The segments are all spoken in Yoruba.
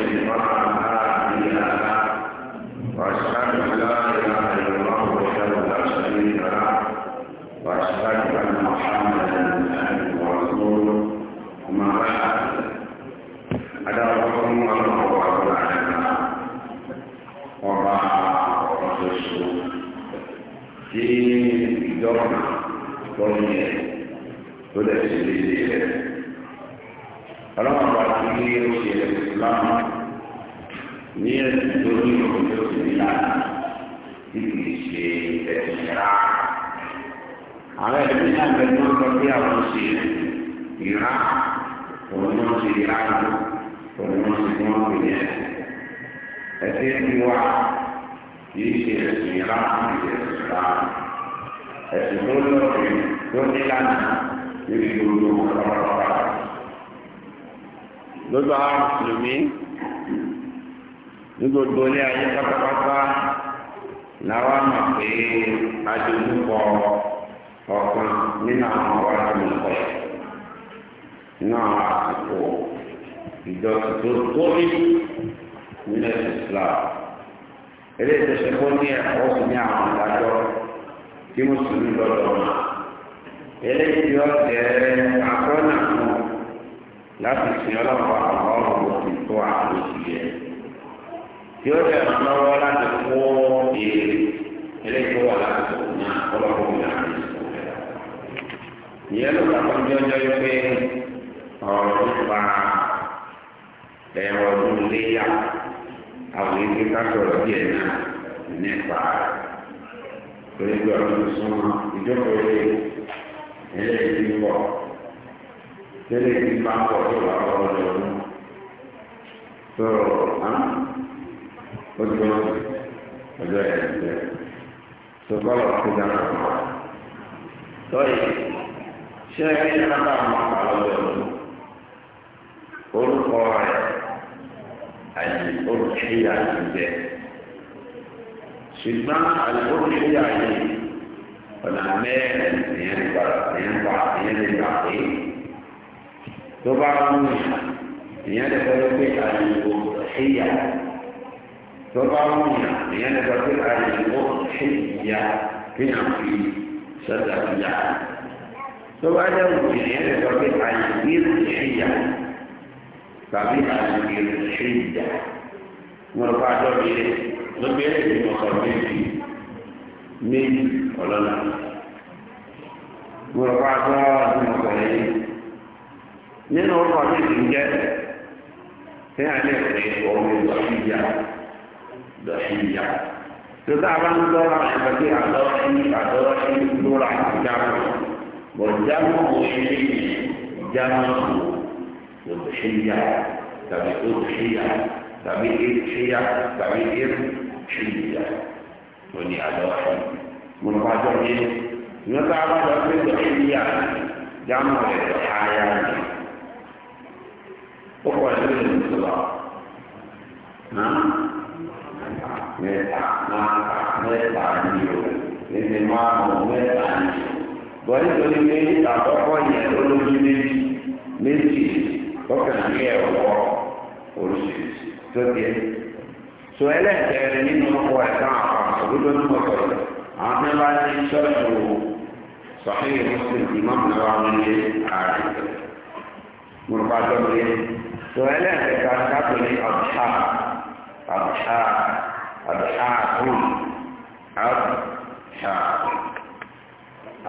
Gracias. láti sin ọlọ́pàá àwọn ọ̀rọ̀ tó àwọn oṣù yẹ. Tí ó tẹ̀ máa lọ́wọ́ láti kó èrè eléyìí wà láti ní ọlọ́pàá òun náà ní ìsọ̀rọ̀ rẹ̀. Ìyẹn ló bá tọ́jú ọjọ́ yìí pé ọ̀rọ̀ nípa ẹ̀rọ ọdún léyà àwọn èdè kásọ̀rọ̀ díẹ̀ náà nípa torí pé ọdún súnmọ́ ìjókòó ilé ẹlẹ́yìí ń bọ̀ tẹ́lẹ̀ tí bá ń pọ̀ tó wà lọ́wọ́ lọ́wọ́ sọ̀rọ̀ á ó ti wọ́n ọjọ́ ẹ̀ ẹ̀ sọ̀kọ́lọ̀ tó dáná fún wa. sọ́yìn ṣé ẹ ní kábà máa pa lọ́wọ́ orúkọ rẹ̀ àyè olùkíyà ti bẹ̀. ṣùgbọ́n àyè olùkíyà yìí ọ̀nà mẹ́rin ìyẹn ń gbà ìyẹn gbà pé. Coba kamu lihat, ini ada terlebih ada yang berhiyah. Coba kamu lihat, ini ada terlebih ada yang berhiyah. Ini yang berhiyah. Coba aja mungkin, ini ada terlebih ada yang berhiyah. Tapi ada yang berhiyah. Merpada diri, lebih dari masyarakat ini. Min, olah-olah. Merpada diri, nínú ọkọ̀ mi ti jẹ́ tí a lè pè ọmọ ìlú àfíjà lọ́síjà tó tá a bá ń lọ́ra ẹ̀fọ́ tí a lọ́ sí àtọ́rọ́ sí lóra ìjábọ̀ bọ̀ jámọ̀ òṣèlú jámọ̀ òṣèlú tàbí òṣèlú tàbí ìṣèyà tàbí ìṣèyà tó ní àlọ́ọ̀ṣì mo ní wájú ọdún yìí ní wọ́n tá a bá lọ sí ìṣèyà jámọ̀ ṣáyà rẹ̀ ó pọ̀ sí ìlú ìtura náà mẹ́ta náà mẹ́ta ní o èdè máa mọ̀ mẹ́ta ní o. bọ́lí tó ní pé àkọ́kọ́ yẹn olójú méjì méjì lọ́kàn ní ẹ̀rọ oríṣiríṣi tó di ẹ̀. sọ ẹlẹ́ẹ̀kẹrin nínú ọkọ̀ ẹ̀ka àwọn àkókò tó ń bọ̀ sọ̀rọ̀ àwọn tí wọ́n bá ní sọ́ọ̀tù sọ̀hìn ìmọ̀sílẹ̀ ìmọ̀mùnáwá wọn ní ààrẹ. mo rò pa àjọ tó ẹlẹ́ẹ̀kẹta kápẹ́ ní àbùhá àbùhá àbùhá òun àbùhá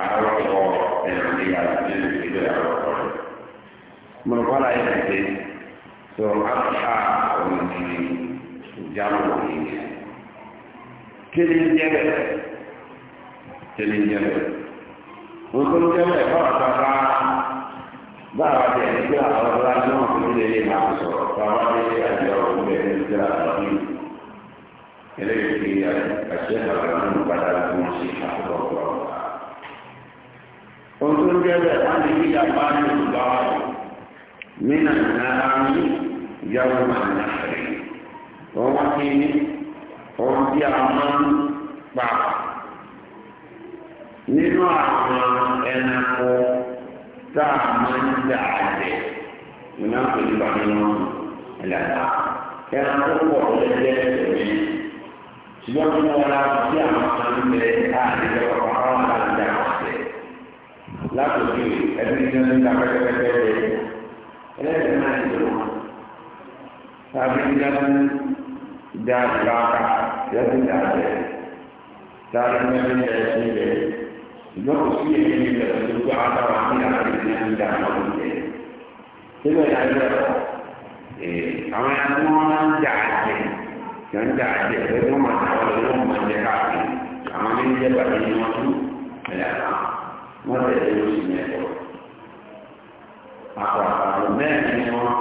àrọ́pọ̀ ẹ̀rọ ní àti ìgbé àrọ́pọ̀ rẹ̀. mo rò wọ́n láyé pé tó àbùhá òun ní ìjánu òun kí ni jẹ́ bẹ́ẹ̀ kí ni jẹ́ bẹ́ẹ̀. òun tó jẹ́ bẹ́ẹ̀ fọ́ọ̀tà bá báwa tẹ̀ nígbà àwọn ọ̀rọ̀ ajé wọn fi lè lè máa sọ̀rọ̀ báwa tẹ̀ sí àjọ ọ̀rọ̀ bẹ̀ nígbà àwọn yìí eléyìí fi àṣẹ àgbàdo nípadà fún ṣe àkókò ọ̀rọ̀ ohun tó ń jẹ́ bẹ́ẹ̀ wọ́n ti fi yàgbá ní ìgbà wa nínà náà ní ìyàwó máa ń nàfẹ́ wọ́n wá sí ní ohun tí a máa ń pa nínú àwọn ẹranko تعمل تعدي مناقل بعضهم الأداء كان أقوى للجسد سبحان الله ولا تستطيع مصر من أهل الوحرام على الدعوة لا تستطيع أدري أن تعمل كتابة لا تستطيع فأبي لم دار لا تعمل لا تعمل لا تعمل ìgbọ́n sí èyí ní ìgbà tó gbọ́ àtàwọn àmì àti ìdílé ní ìdá àwọn olùdẹ. Síbẹ̀ yà ń bẹ̀rẹ̀ àwọn ẹni tí wọ́n máa ń jà àjẹ yà ń jà àjẹ pé wọ́n máa tàwọn ọ̀rẹ́ wọn máa jẹ káàkiri àwọn ẹni jẹ́ bàbá yìí wọ́n tún ẹ̀yà náà wọ́n tẹ̀lé oṣù mẹ́tọ̀. Àpò mẹ́rin ni wọ́n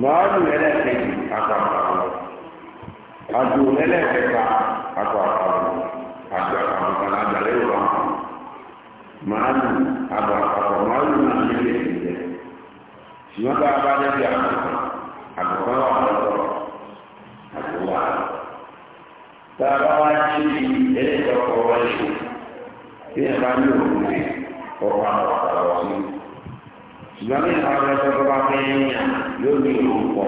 màálù ẹlẹ́ẹ̀kejì akọ àkàmù àjò ẹlẹ́ẹ̀kẹta akọ àkàmù àjò àkàmù kan àjàlẹ́ ìwà màálù àbọ̀ àkàmù màálù náà ní ilé ìjẹ ṣùgbọ́n a ìgbà mi ìgbà wọn lọ́sọ tó bá fẹ́ yàn yóò ní ìròyìn pọ̀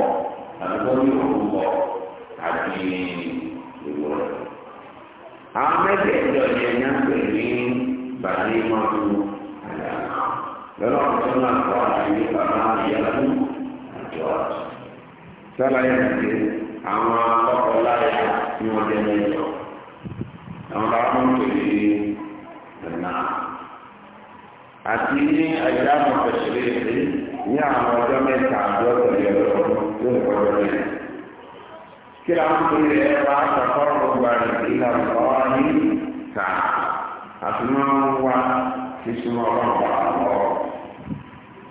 àti tó ní ìròyìn pọ̀ àti ìwọ rẹ̀. àwọn mẹ́tẹ̀ẹ̀jọ yẹn ní àpèlé bàálí máa tó lọ́nà ọ̀tún náà kọ́ àti ní bàbá ìyàlú àjọ sọ́la yẹn ti àwọn akọ́kọ̀ láyà ní ọjọ́ mẹ́jọ àwọn bàbá máa ń ẹ̀ náà àti ní àyíká mọ̀tẹ́sílẹ̀ èdè ní àwọn ọjọ́ mẹ́ta àjọ tẹ̀lé ọlọ́run tó ń kọjọ rẹ̀. kí la ń pè é wá sọ̀kọ́ ọgbà rẹ̀ ìlà ọ̀rọ̀ ní ta àti máa ń wá sísúnmọ́ ọgbà ọ̀rọ̀.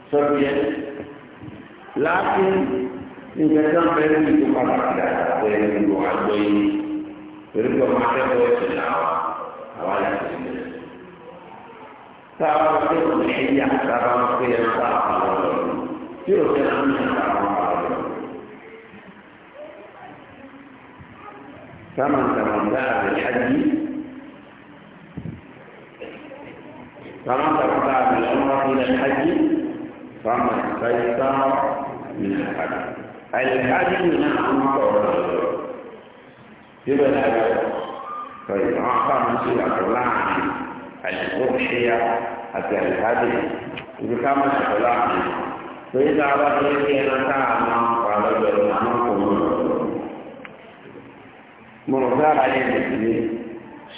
sọ́bíẹ́ láti ìgbẹ́jọ́ bẹ́ẹ̀ ní ìtúpadà àti ẹ̀rọ àgbọ̀yé. Èrè kí ọmọ akẹ́kọ̀ọ́ ẹ̀sìn náà àwọn àyàtọ̀ ìgbẹ́jọ́. sáwọn pé ìṣẹ́yà sáwọn pé ẹ sáwọn lọ́wọ́ tí ò fẹ́ fún ìṣẹ́ àwọn ọ̀rọ̀. فمن تمتع بالحج فمن تمتع بالعمرة إلى الحج فمن استيسر من الحج الحج من العمرة يبقى طيب عقام سيرة الله الأضحية حتى الهدي بكما تطلعني فإذا رأيت أن تعلم قال بأمامكم مرضار عليه الدين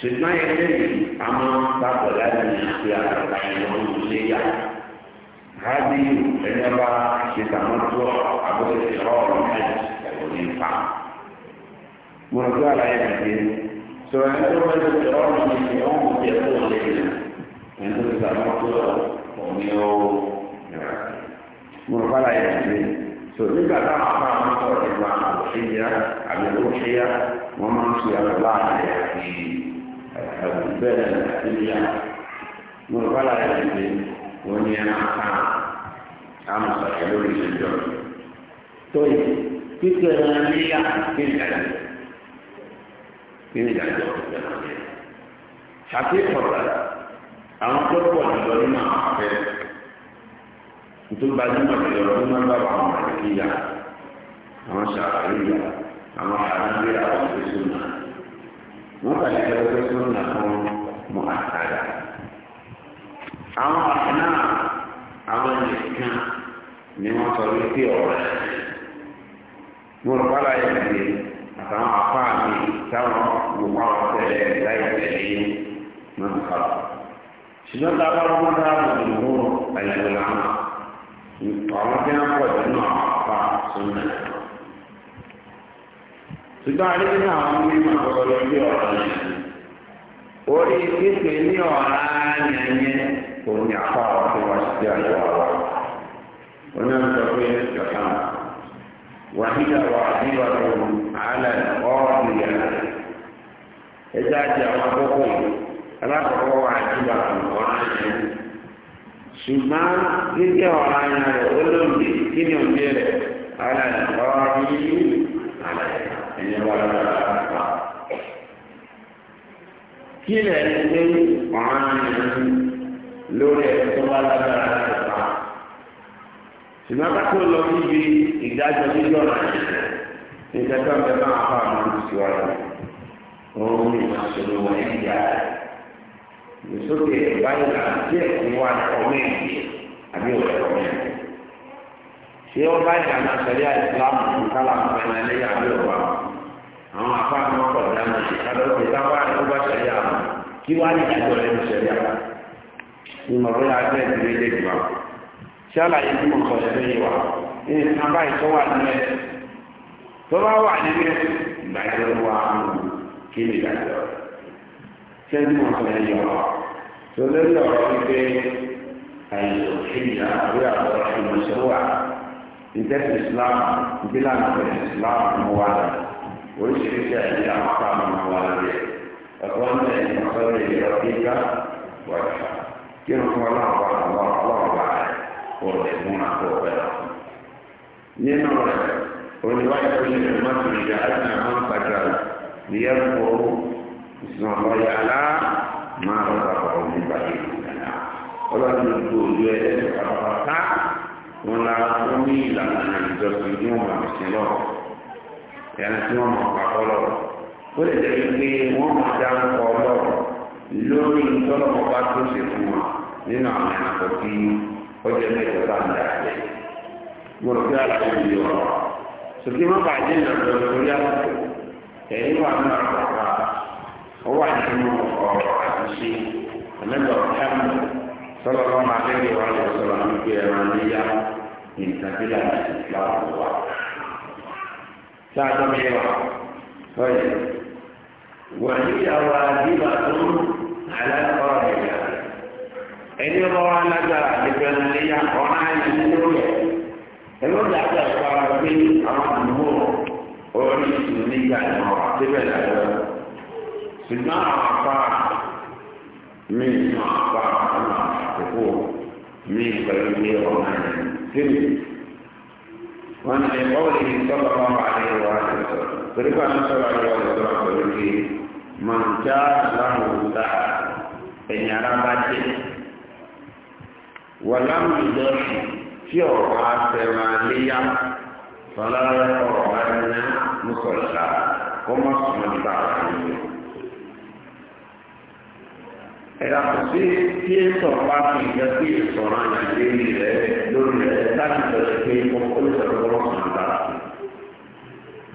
سيدنا يقول أما تقول هذه الاختيار كان هذه عندما تتمتع عبر الإقرار الحج كالذي ينفع عليه الدين سواء كان الكرام من اليوم يقول لنا أنت تعمل وميو مرفلا يعني سوريك أنا أعرف أن الإسلام الوحية عن الوحية ومن صيام الله في البلد الأهلية مرفلا يعني وني أنا أعمل صحيح لوري الجنة طيب كيف كان لي كيف كان kí ni ìdájọ́ ìgbà náà yẹ. ṣàkíyèsí ọ̀la àwọn tó pọ̀ jùlọ nínú àwọn afẹ́ nítorí gbajúmọ̀ jùlọ tó máa ń bá àwọn àdìkíyà àwọn ṣàkàríyà àwọn àdìkíyà àwọn ìgbésùn náà wọ́n kàlẹ́ ìgbésùn náà fún mọ́ àtàrà àwọn àfúnà àwọn nìkan ni wọ́n sọ wípé ọ̀rẹ́ mo rọ̀ bá láyé ìgbé àtàwọn afá mi táwọn gbogbo àwọn tẹ̀lé láì tẹ̀lé yìí máa ń kà ṣùgbọ́n tá a bá wọn dá àwọn ìmúrò àyẹ̀wò làwọn àwọn tí wọ́n pọ̀ nínú àwọn afá sọ́nà ṣùgbọ́n àlejò náà wọ́n ní ìmọ̀ ọ̀rọ̀ lórí ọ̀rọ̀ yẹn orí pípé ní ọ̀rá yẹn yẹn òun afá ọ̀rọ̀ tó wá sí àyẹ̀wò àwọn oníyàtọ̀ pé ẹ̀ka náà. وهي واجبة على القاضية إذا جوابكم رفع واجبة قرآن ṣùgbọ́n títẹ̀ ọ̀rọ̀ ayé rẹ̀ olóògbé kí ni òun bẹ̀rẹ̀ ara rẹ̀ ọ̀rọ̀ yìí ara rẹ̀ ẹ̀yẹ wà lára àpá. kí lẹ̀ ń gbé ọ̀rọ̀ ayé rẹ̀ lórí ẹ̀ tó wà lára àpá ṣùgbọ́n ká tó lọ síbi ìdájọ́ níjọ́ náà nígbà tó ń bẹ máa fà mí lójú sí wa rẹ̀ òun ní ìṣòro wọn ẹ̀yìn yá rẹ̀ ìsókè báyìí náà díẹ̀ fún wa ọmọ ẹ̀yìn àbí ọ̀rẹ́ ọmọ ẹ̀yìn ṣé ó báyìí náà sọ̀rọ̀ ìsìlámù fún kálàmù ẹ̀yìn ẹlẹ́yà àbí ọ̀rọ̀ àwọn afáàmì ọkọ̀ dáná ìkádọ́sí táwa ló bá ṣẹlẹ̀ àwọn kí wá ní ìdájọ́ rẹ̀ ń àwọn ìmọ̀ràn tí àlàyé bí mo sọ ẹgbẹ́ yìí wá ní ìsinmi báyìí tó wà nílẹ̀ tó bá wà nílẹ̀ ìgbàjọ wa kí ni ìgbàjọ ṣé bí mo sọ ẹyẹ wá tó lórí ọ̀rọ̀ wípé àìsàn òṣèlú àbí àwọn ìmọ̀ṣẹ́ wà ìtẹ́sí Islam ìdílànà pẹ̀lú Islam mú wa lọ oríṣiríṣi àìsí àwọn àpamọ́ mú wa lọ ẹ̀kọ́ ní ẹ̀yìn ọ̀sọ́rọ̀ ìrọ̀ kíkà múra pọ̀ pẹ̀lú. nínú rẹ̀ oníwájú ilé rẹ̀ má tún ìyá àti àwọn pàjá ìyá pọ̀ ìsìn ọ̀pọ̀ yà á máa ń bá ọ̀pọ̀ nígbà yìí nìyà. ọlọ́run ló gbó ojú ẹ̀ pàpàpàpà wọn la wọn ní ìlànà ìjọsìn ní wọn máa ṣe lọ ìyànà tí wọn máa pàpọ̀ lọ. ó lè jẹ́ pé ọjọ́ mẹ́jọ bá ń dà jẹ́ mo rò pé àlàyé mi yọ ọ́ sókè má bàa jẹ́ ìrìnàjò lórí àkókò ẹ̀yìn wà ní àkókò ó wà nínú ọ̀rọ̀ àtúnṣe ẹ̀mẹ́jọ kẹ́mù sọ́lọ́ lọ́mọ abẹ́rẹ́ wa lọ sọ̀rọ̀ nígbè ẹ̀rọ níyà nǹkan bí lànà ìsìláàmù wa. sáà tó mi wà lọ́yẹ̀ wà níyàwó àdìbà tó ń àlẹ́ ọ̀rọ̀ ìyàwó. ẹni ọmọ wa lágbára ẹgbẹ orang yang ya Kalau ayé ní ló orang ẹni orang yàtọ ẹkọ ara pé àwọn àdúgbò orí ìṣúná ní ìgbà ìmọ àtẹbẹ lẹyọ ṣùgbọn orang afá mi ìmọ afá ọmọ àkókò mi pẹlú ní ọmọ ayé tẹlẹ wọn ní ọwọ lè sọ bàbá wa ní ولم يدرك في أوقات مالية فلا يقربن مصلى كما سمعت عنه Era così che sono fatti capire sono anche dire dove tanto che con quello che conosco andare.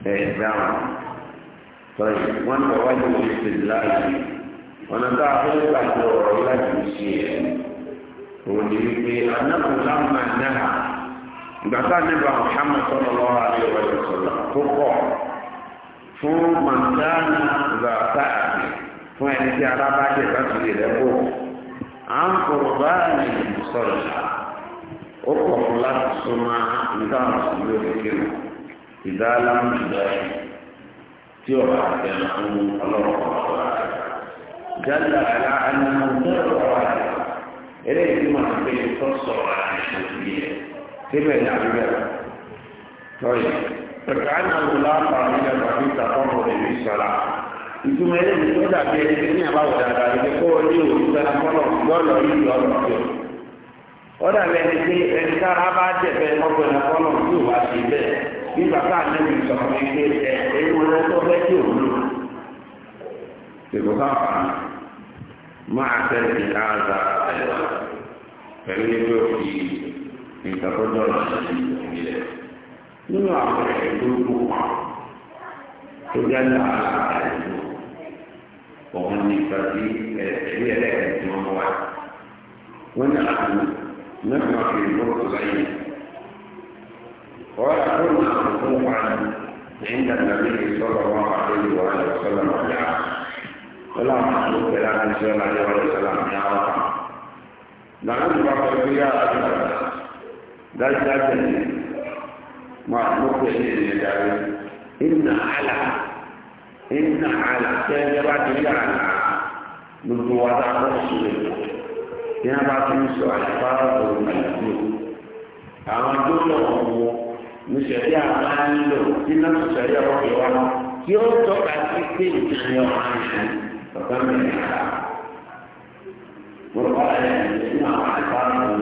E bravo. Poi quando voglio di là, quando andavo a fare la cosa, la dicevo òun ni wípé anáwó lámà náà Muhammad sallallahu alaihi wa sallam tó fún mọ̀tánà gbàtà àti fún ẹni tí ara jẹ láti lè lẹ́kọ̀ọ́ à ń kọ̀rọ̀ báyìí sọ̀rọ̀ ó kọ̀ fún láti nígbà mùsùlùmí tí ọba ọlọ́run jálẹ̀ àlá ẹni mọ̀ ní ọ̀rọ̀ eléyìí tí màá fi tó sọ̀rọ̀ àìsàn yìí síbẹ̀ ní àbíbẹ̀ lọ́yẹ̀ pẹ̀lú àwọn ọ̀la àpàrọ̀ nílẹ̀ tàbí ìtàkọ́mọ̀ rẹ̀ ní sọ̀la ìtumọ̀ eléyìí tó dàbí ẹni tí ní àbáwọ̀ dáadáa ló kó ní òun sẹ́nà fọ́lọ̀ lọ́lọ́ yìí lọ́lọ́ tó ó dàbí ẹni tí ẹni tára bá dẹ̀bẹ̀ ọgbẹ̀nà fọ́lọ̀ tí ò wá sí bẹ́ẹ̀ bí مع ترك هذا الوعد فمن يوفي من تقدر إليه من واقع الوقوع تجلى على الوقوع وهم من فرد هي لا تسمى مواد ونحن نقع في الوقوع ويكون وقوعا عند النبي صلى الله عليه وآله وسلم والعالم ọlá àti pẹ̀lú àtúnṣe ọlá ní ọ̀rọ̀ ìṣẹ̀lá ní àwọn kan. Làwọn ìgbà kan fi yá àti bàtà dájúdájú ní máa mú pẹ̀lú ìrìn ìdarí. Ìnà àlà ìnà àlà tẹ́ ẹ bá ti yá àlà gbogbo wa tá a kọ́ sí ń sọ àyàfárá òun Àwọn tó lọ wọ níṣẹ̀lẹ̀ àbá nílò tí náà sọ̀rọ̀ ọ̀rọ̀ kí ó tọ́ka sí pé ìtàn ọ̀hán فكمل الحياة والقرآن يجمع عقاب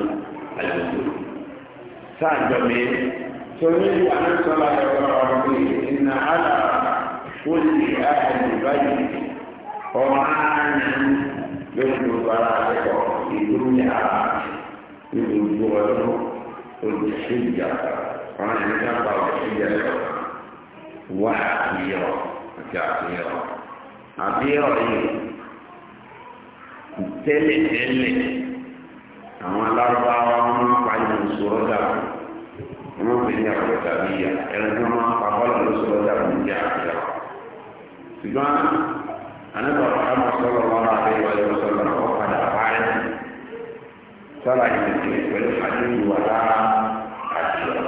الوجود سعد جميل سمعت أن صلى الله عليه وسلم إن على كل أهل بيت قرآنا يجب صلاتك في دنيا يجب والحجة قرآن يجب الحجة وحيرة كثيرة àbí ọ̀yìn tẹ́lẹ̀ tẹ́lẹ̀ àwọn alárúbáwá wọn máa ń pa ìlú sọ̀rọ̀ dàbò wọn máa ń pè ní àpò tàbí ìyá ẹran tí wọn máa ń pa bọ́ọ̀lù ló sọ̀rọ̀ dàbò ní ìyá àbíyá ṣùgbọ́n anábọ̀rọ̀ ká mọ̀ sọ́lọ́ lọ́rọ̀ àbẹ́yẹ wáyé wọ́n sọ̀rọ̀ náà wọ́n padà parẹ́ sọ́lá ìdíje pẹ̀lú àdéhùn wà lára àṣìyà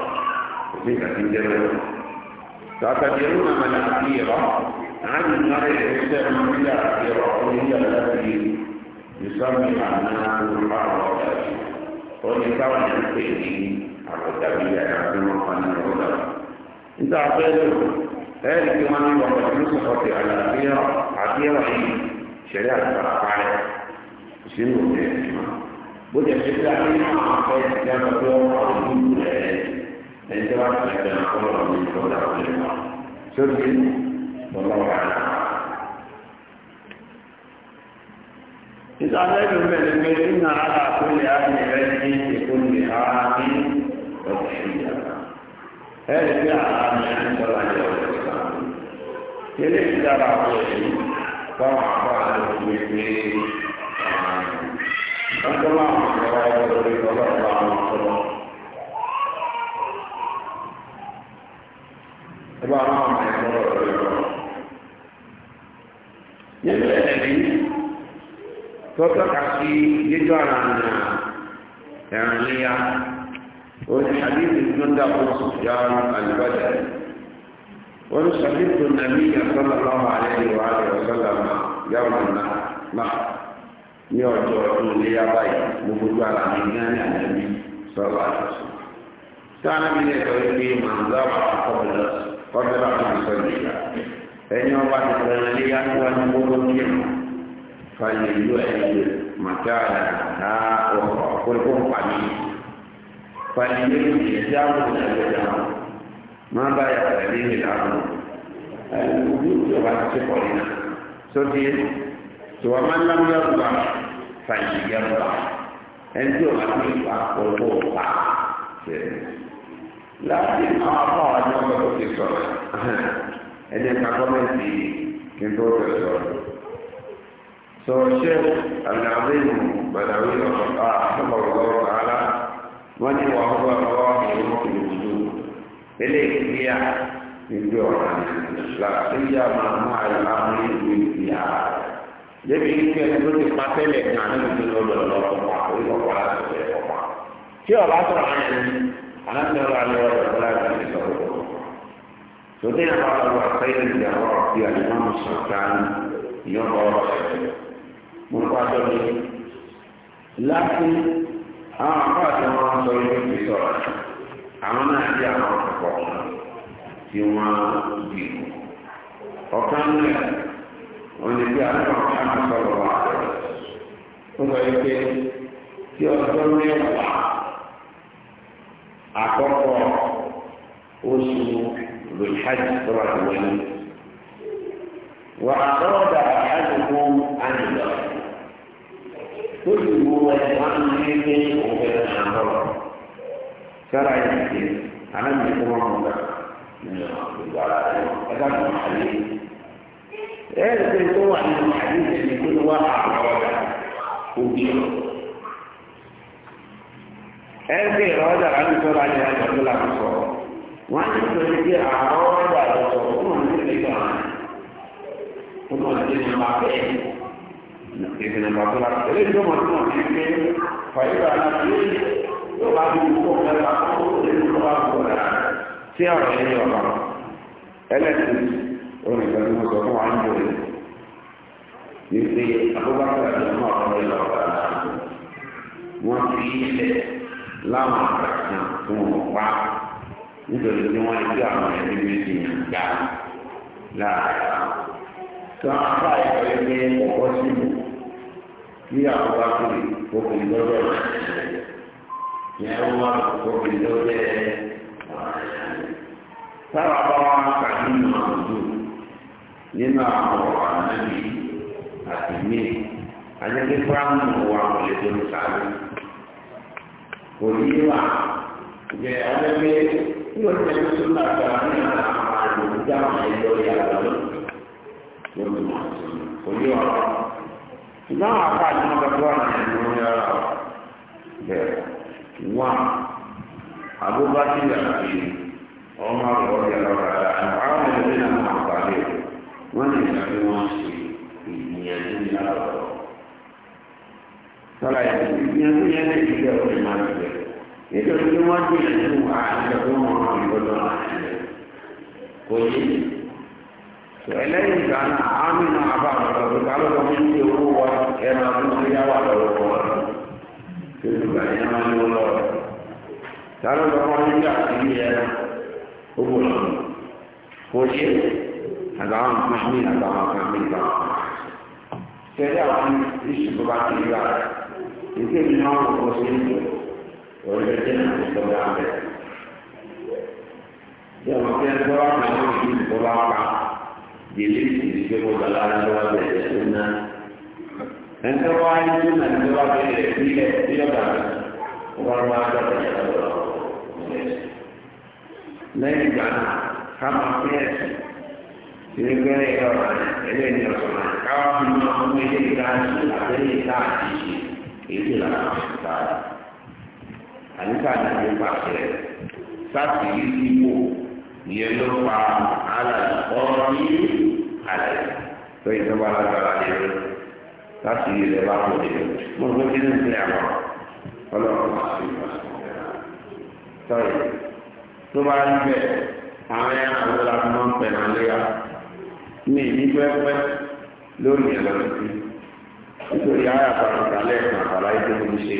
òfin kàtí jẹ́ lọ́wọ́. عن المرء يستعمل إلى رأيه التي يسمى عنها الحرب ولكون الفئه العتبية رحمه الله العتبة إذا أعطيته ذلك من وقد نسخت على عتيرة عتيرة شريعة فرقعة سنو الحكمة بدأ شكلها منها عقيد كما تقول عظيم الآيات انتبهت لك أن أقول من قول عظيم سرقين والله أعلم إذا علم من على كل أهل بيت لكل عام وتحية هذه الأعلام عند الله جل وعلا يليس دار الله الله nínú ẹ̀rí tó tọ́ka sí jíjọ́ ara nà ẹ̀rùn níyà oní àdéhùn tó ń dàpọ̀ sùfìyà àlùbọ́dà wọn sọ̀rọ̀ tó nàbí yàtọ̀lá lọ́wọ́ àlẹ́ ìwà rẹ̀ sọ́lá yàwó náà ní ọjọ́ ọdún iléyà báyìí mo gbogbo ara mi ní àná àdàbí sọ́lá àtọ̀sọ́. sáà nàbí ní ẹ̀kọ́ yìí màá ń dábàá kọ́bẹ̀lá kọ́bẹ̀lá fún ìsọ̀rọ̀ ìyá ẹni ọba tẹ̀sán lé yàtọ̀ ní gbogbo díẹ̀ fàyè ìlú ẹ̀yẹ màtá àná ọkọ̀ kórókó nfààní fàyè ìlú ìdí àwọn ìyàgbẹ́ náà má bá yàtọ̀ ní ìlànà ojú ìjọba ti pọ̀ nínú sóde tòwá má ń lámúyà gbà fàyè ìyá gbà ẹni tí ọba tó ìgbà kórókó pa ṣe láti àwọn afọ àwọn ọmọ tó ti sọ̀rọ̀ ẹni ẹka kọmẹǹtì kí n tó tẹsán sọ ṣe àlàáfíìmù gbàdáwí ọ̀pá àtọ́bọ̀lọ́wọ́ tààlà wọ́n ní wàá wọ́n lọ́wọ́ ìlú ìlú eléyìí kí á ìlú ọ̀nà láti yá máa mú àyàmú ìlú ìlú yá. débi ikú ẹni tó ti pa tẹ́lẹ̀ kan ní ìlú lọ́dọ̀ lọ́wọ́ pa orí ọ̀pá láti ọ̀pá. tí ọ̀bá sọ̀rọ̀ àyẹ̀ni aláṣẹ ọ̀rọ̀ àlẹ́ ọ̀rọ̀ Jadi yang kalau wakil jawab dia Imam Sultan yang bawa Mukadam ini. Lakin apa yang orang itu disorot? Amanah dia orang kepala. Cuma biru. Okannya, oleh dia orang Muhammad Sallallahu Alaihi Wasallam. Untuk itu, dia orang yang akọ́kọ́ oṣù ذو الحج طبعا الولي وأراد أحدهم أن يدخل كل هو يوم يمكن وبين الأمر شرع يمكن ألم يكن عمرك من الأمر الحديث لكن هو أن الحديث أن يكون واقع ووضع وبيعه هذه الإرادة عن شرع هذا الكلام الصواب wọ́n ti sọ ní pé àwọn ọ̀dà lọ́sọ̀ fún òun ní ìlú kan fún òun ní ìlú kan bẹ́ẹ̀ ìpinnu bàbá wa tẹ̀lé tó mọ̀ tó mọ̀ sí pé fàyíbà láti tó bá fi kó mẹ́ta kó lè tó bá kó rà sí ọ̀rọ̀ yẹn ní ọ̀rọ̀ ẹlẹ́sìn orin ìgbà tó sọ fún wa ń bọ̀ yìí ní pé abúgbàtà ti mú fi ilẹ̀ láwọn àgbà nítorí tí wọ́n ti àwọn ẹbí méjì ń gbà láàárọ̀. tó àwọn afá ẹ̀kọ́ ọ̀pọ̀ sí mi kí àkókò àkùrì òkùnrin lọ́dọ̀ ìyẹn wọ́n òkùnrin lọ́dọ̀ sábà bá wọn kàdé nínú àwùjọ nínú àwọn ọ̀rọ̀ ànábì àti mí àjẹpẹ́ fúrámù wà wọlé tó ń sáré kò ní wà. Yeah, I mean, you know, there's some Wọ́n ti wọn ṣe ní ní nítorí pé wọ́n gbìyànjú àjọ̀dún ọ̀rọ̀ ìgbọ́dọ̀ kò yé ẹlẹ́yìn ìgbà náà àmì náà bá ọ̀rọ̀ tó ká lọ́wọ́ ní ti owó wa ẹ̀rọ ọdún tó Orientina Islam ni. Dia makin orang memang di sekolah apa? Jadi di sekolah jalan luar dari sunnah. Dan kalau ini sunnah di luar dari dia dia kan orang macam apa? Lain jangan sama pesi. Jadi kalau orang ini ni orang kalau memang ini kita sudah kita itu lah kita. àyíká ní ìlú pàṣẹ sáàtì yìí ti wò ìyẹn ló fa alàyè ọ̀rọ̀ yìí alàyè tó yẹ sọ́wọ́ alágbára lé lọ sáàtì yìí lè bá wọlé lọ mo rò pé nínú ìpínlẹ̀ àwọn ọlọ́run máa fi wá sọ́yìn tó bá ń bẹ̀ àwọn ẹran àwọn ọlọ́run máa ń pẹ̀ náà léyà mi ní pẹ́pẹ́ lórí ẹ̀rọ tuntun nítorí ayàtọ̀ àtàlẹ́ ìtàn àtàlẹ́ ìtàn ìṣe.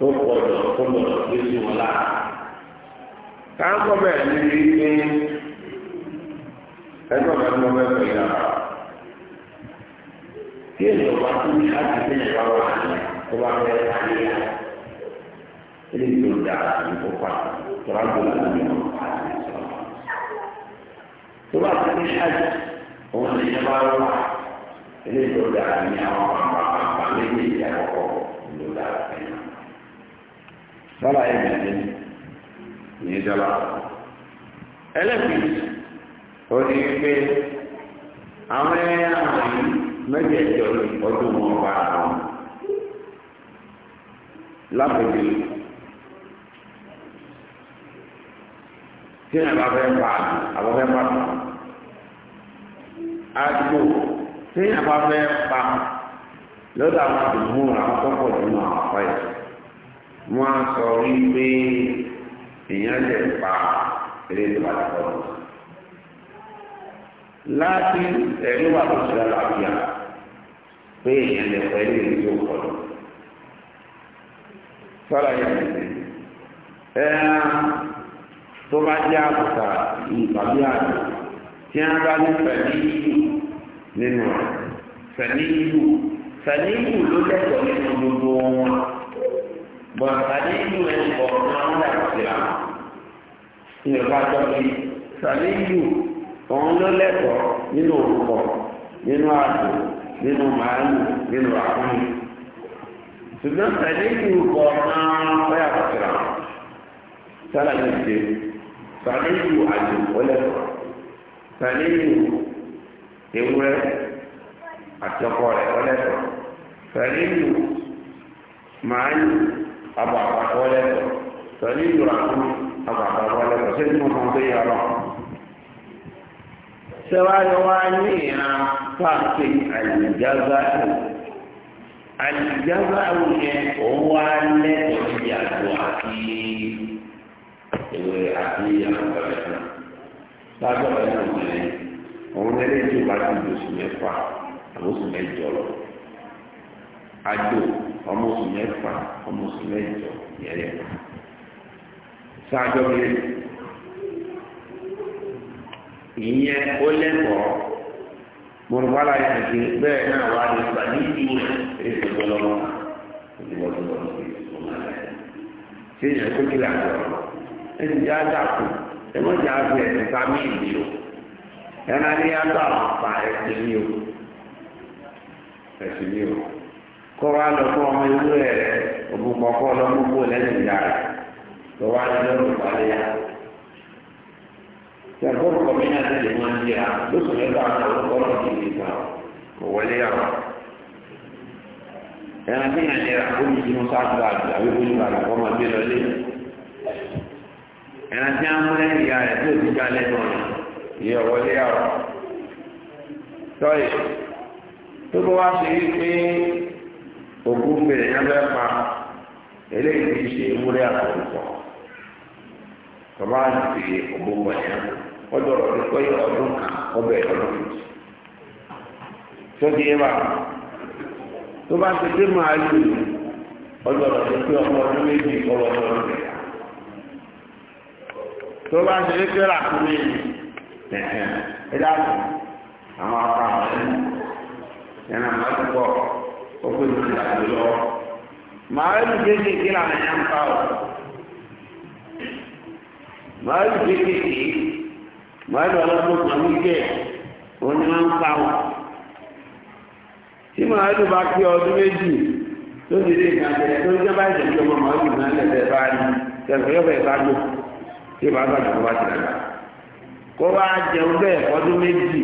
tó gbọdọ̀ tó gbọdọ̀ tó sí wọn lára. káńkọ́ bẹ́ẹ̀ ní rí pé ẹgbẹ́ ọ̀gá tó bẹ́ẹ̀ pẹ̀lú ara. tí èèyàn bá tún ní láti fi ìwà wà ní tó bá fẹ́ ayé rẹ̀ ilé ìlú dára ní kó pa tó bá gbọdọ̀ tó ní wọn pa ní sọ̀rọ̀. tó bá tún ní láti òun ní ìjọba wà ilé ìlú dára ní àwọn àgbà àgbà méjèèjì àkọ́kọ́. sọ́là ẹ̀mí ní ní ìjọba ẹlẹ́kùnrin ó ní pé àwọn ẹ̀yà àmì mẹ́jẹ̀ẹ̀jọ ọdún wọn bá àwọn lápẹ̀jù tí ẹ̀ bá fẹ́ pa àbọ̀fẹ́ pa àgbo tí ẹ̀ bá fẹ́ pa lọ́dọ̀ àwọn àdùnnú àwọn tó pọ̀ nínú àwọn àpáyà wọ́n á sọ wípé èèyàn lè pa eré tó bá ti kọ́ lọ. láti ẹ̀rí wà tó ṣe àlàáfíà pé èèyàn lè pa eré tó kọ́ lọ. sọ́la yẹn ti ṣe ẹ̀ẹ́n tó bá jẹ́ àbùkà ìpàdé àná tí wọ́n bá ní pẹ̀lú nínú rẹ̀ sẹ̀níyù sẹ̀níyù ló lẹ́tọ̀ọ́ nínú gbogbo wọn. Buat tadi itu yang buat melanggar Islam. Ini kata ni, tadi itu nínú orúkọ nínú àdó nínú màálù nínú àkúnyé. Ṣùgbọ́n tẹ̀lé ìrúkọ náà ọ̀yà kọ̀tìrà. Sára ní ṣe, tẹ̀lé ọlẹ́kọ̀ọ́, ewúrẹ́ àti ọkọ rẹ̀ ọlẹ́kọ̀ọ́, màálù àbọ̀ àpapọ̀ lẹ́tọ̀ tọ́lí ìrọ̀ àkúrú àbọ̀ àpapọ̀ lẹ́tọ̀ ṣé nínú kan tó yẹ lọ. sẹ́wáyé wá ní ìran pàṣẹ àlìjáza àlìjáza yẹn òun wá lẹ́tọ̀ sí àgbò àti ìwé àti àgbàlagbà lágbàlagbà náà wọlé òun lẹ́lẹ́dì bá ti dòsì mẹ́fà àbòsì mẹ́jọ lọ. àjò ọmọ oṣù mẹ́fà ọmọ oṣù mẹ́jọ yẹrẹ sáájọ mi ìyẹn ó lẹ́kọ̀ọ́ mọ̀nùmọ́lá yẹn ti bẹ́ẹ̀ náà wà ní ìgbà ní ìlú rẹ̀ èso lọ́wọ́ ìwọ́dún lọ́wọ́ ṣé ìyẹn tó kílẹ̀ àjọ ẹni jẹ́ àdàkù ẹ̀mọ́ jẹ́ àjọ ẹ̀sìn sámi ìdí o ẹ̀rọ ní yàtọ̀ àwọn àpá ẹ̀sìn mi o ẹ̀sìn mi o kó wá lọ fún ọmọ irú ẹ̀ rẹ̀ òbúkọ kọ́ lọ́mú kó lẹ́yìn ìyá rẹ̀ tó wá ní lọ́rùn ìpàdé yá. Ìyàgbọ́n kọ̀mí náà ti lè wọ́n yíra lóṣù mẹ́ta àwọn olùkọ́ náà ti lè gbà kò wọlé yàrá. Ẹran tí yàn yẹra ó ní inú sáàtúrà àbí ojú àlàkọ́ máa gbé lọ lé. Ẹran tí a ń mú lẹ́yìn ìyá rẹ̀ tí ti gbà lẹ́nu ọ̀nà yẹ wọlé yàrá. Sọ́yì tó bá wá ṣe wípé òkú fèrè yẹn bẹ́ẹ̀ pa eléyìí ti ṣe ewúrẹ́ àkọ́kọ́ bàbá àti ògbómọ̀ yẹn ọjọ́ ọdún pẹ́yì ọdún kan ọbẹ̀ ọdún kejì tó di yẹn bá tó bá ti dé máa lù ọjọ́ ọdún pẹ́yì ọmọ ọdún méjì ọwọ́ ọdún kẹta tó bá ti dé pẹ́yì ọdún méjì àwọn apá àwọn ẹ̀hẹ́n àwọn ẹ̀hẹ́n ọkọ ìlú ti dàgbé lọ màálù kéékèèké làwọn ẹ̀yà ń pa ọ̀ màálù kéékèèké màálù ọlọ́dún kan wíkẹ́ òun ni wọ́n ń pa ọ̀ tí màálù bá pé ọdún méjì tó ti dé ìgbà tẹ̀lé tó ń jẹ́ báyìí tẹ̀lé ọmọ màálù náà lẹ́sẹ̀ bá rí tẹ̀lé yọ̀bẹ̀ bá lò tí ìbá gbàgbọ́ bá ti dàgbà kó bá jẹun bẹ́ẹ̀ ọdún méjì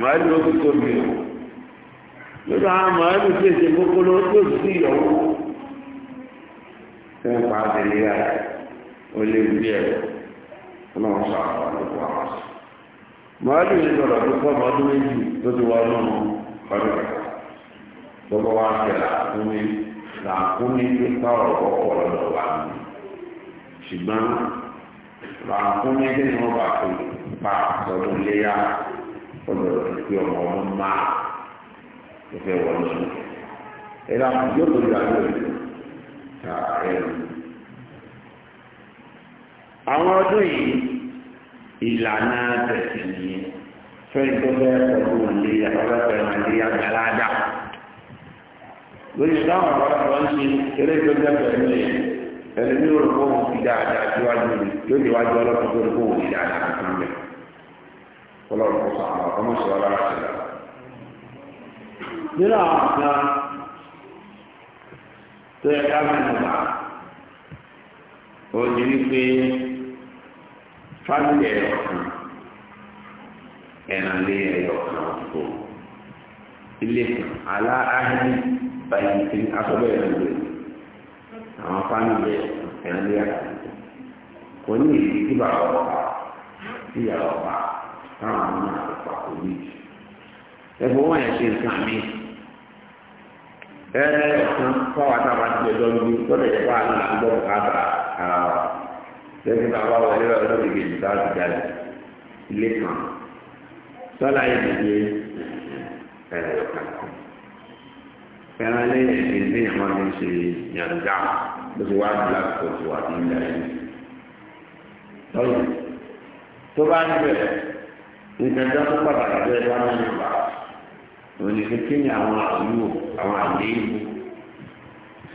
màálù ó ti tóbi o lórí àwọn màálù tí èsè kókóló tó sí ìyọ̀wó tí wọ́n pa àtẹ̀lé rẹ̀ ó lé wúlé ẹ̀ ọ̀nà ọ̀sán àwọn ọ̀dọ́ àwọn ọ̀sán. màálù yìí gbọ́dọ̀ tó kọ́ ọmọ ọdún méjì tó ti wọ ọdún ọdún kẹta gbogbo wa ń tẹ̀lé àkúnmí làkúnmí tó pa ọ̀rọ̀ ọ̀pọ̀ lọ́dọ̀ wa nù ṣùgbọ́n làkúnmí tí wọ́n bá tó pa àtọ́dún léyà ọ̀dọ̀ ìpè ọmọ ọdún máa ìfẹ́ wọ́n ṣe ẹ̀rọ yóò tó dà lórí ta ẹ̀rọ. àwọn ọdún yìí ìlànà tẹ̀sí ni fẹ́ẹ́ tó fẹ́ pẹ̀lú ilé àbábẹ́fẹ́ ilé àgbàládà lórí táwọn àbábẹ́fẹ́ ń ṣe eré tó fẹ́ pẹ̀lú yẹn ẹni ní orúkọ òun ti dáadáa síwájú mi yóò di wájú ọlọ́pàá tó orúkọ òun ti dáadáa kan mẹ́ kọlọ́ọ̀kọ́ sọ àwọn ọmọ sọ̀rọ̀ láti rà. nínú àwọn nǹkan tó yẹ ká mẹ́nubà ó ní wípé fámìlì ẹ̀yọ̀ kan ẹ̀nàlẹ́ ẹ̀yọ̀ kan kò ilé kan alá áhìn báyìí tí asọ́bẹ̀ ẹ̀rọ ìlú àwọn fámìlì ẹ̀yọ̀ kò ní ìdí tí bàbá ìyá táwọn ọmọ náà ẹ̀fọ́ wọn ṣe nǹkan ẹ̀ẹ́dẹ̀kan fáwọn àtàwọn àti ẹjọ́ a ti jáde ilé kan ti di ẹ̀ẹ́dẹ̀kan fẹ́ràn lẹ́yìn ẹ̀sìn ní ìwọ́n ní ṣe yànjá bó ti wá ní lásìkò tó wà ní ilẹ̀ yìí lọ́yìn tó oníkékeré ní àwọn àyúwò àwọn àléébù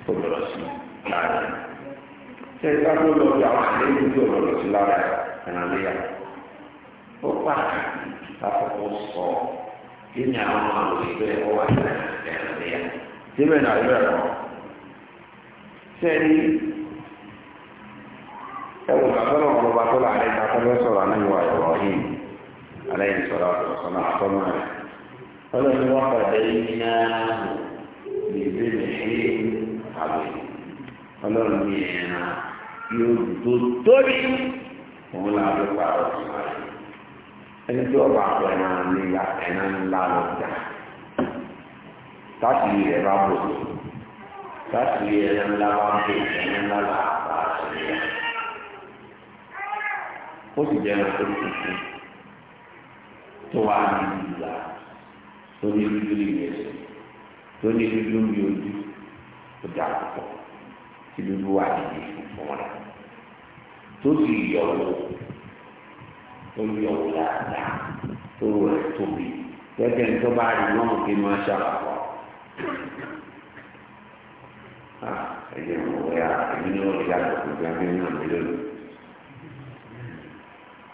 kò lọ sí lára rẹ̀ ìgbà tó lọ sí àwọn àléébù tó lọ sí lára rẹ̀ ó pàtàkì lákòókò sọ kí àwọn àròyìn tó wà ní síbẹ̀ náà yóò rẹ̀ wọ́n sọ̀rọ̀ àtọ́nà ọlọ́run wá pàdé iná bèbè mẹ́rin àwẹ̀ ọlọ́run ní ẹ̀ràn yóò tó tóbi òun là ló pa ọ̀rọ̀ rẹ̀ ẹni tí ọba ẹ̀ràn nígbà ẹ̀ràn ńlá lọ jà láti rẹ̀ bá bò láti ẹ̀ràn ńlá bá bò ẹ̀ràn ńlá là bá ṣe yá ó sì jẹ́ ẹ̀ràn tó kù tó wà ní ìlú ìlú tó ní dúdú ní ìwé ẹsẹ̀ tó ní dúdú ní ojú ó dà púpọ̀ tí dúdú wà nídìí fún wọn tó sì yọwọ tó yọwọ dáadáa tó rẹ tóbi gẹ́gẹ́ ní tó bá rí náà kí máa ṣàlàkọ ẹ̀jẹ̀ mọ wẹyà èmi ni wọn ti àgbà kò gbà náà mi lónìí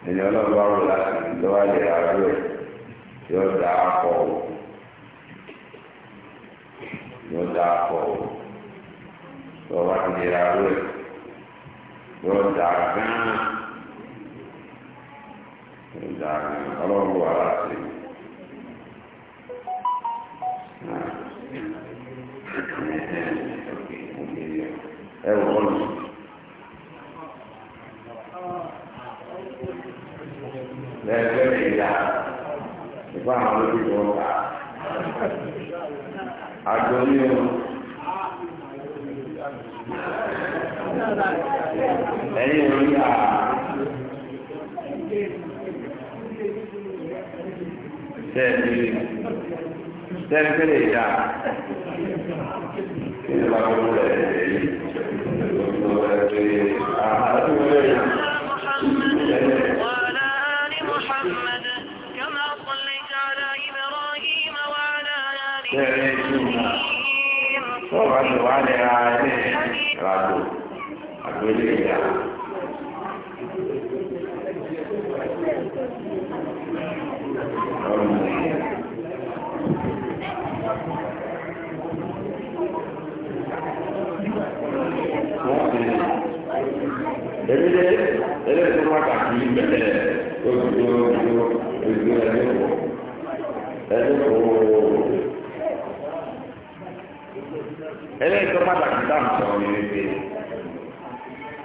ẹni ọlọ́run bá wù láti lọ́wọ́ àlè àárọ̀ yóò dá a kọ̀ ọ́ yóò dà pọ̀ o tó wá ti lè ra rẹ̀ yóò dà gán yóò dà gán ọlọ́run ló wà láti. ẹ wọ ọlọ́run. lẹ́gbẹ̀ẹ́ ìyá ìfọ̀ àwọn olójú wọn àjọ ní o ẹ̀yìn orí à tẹ́ẹ̀lì tẹ́ẹ̀lì pẹ́lẹ̀ ìjà kí ni bá gbogbo rẹ̀ ẹ̀yìn.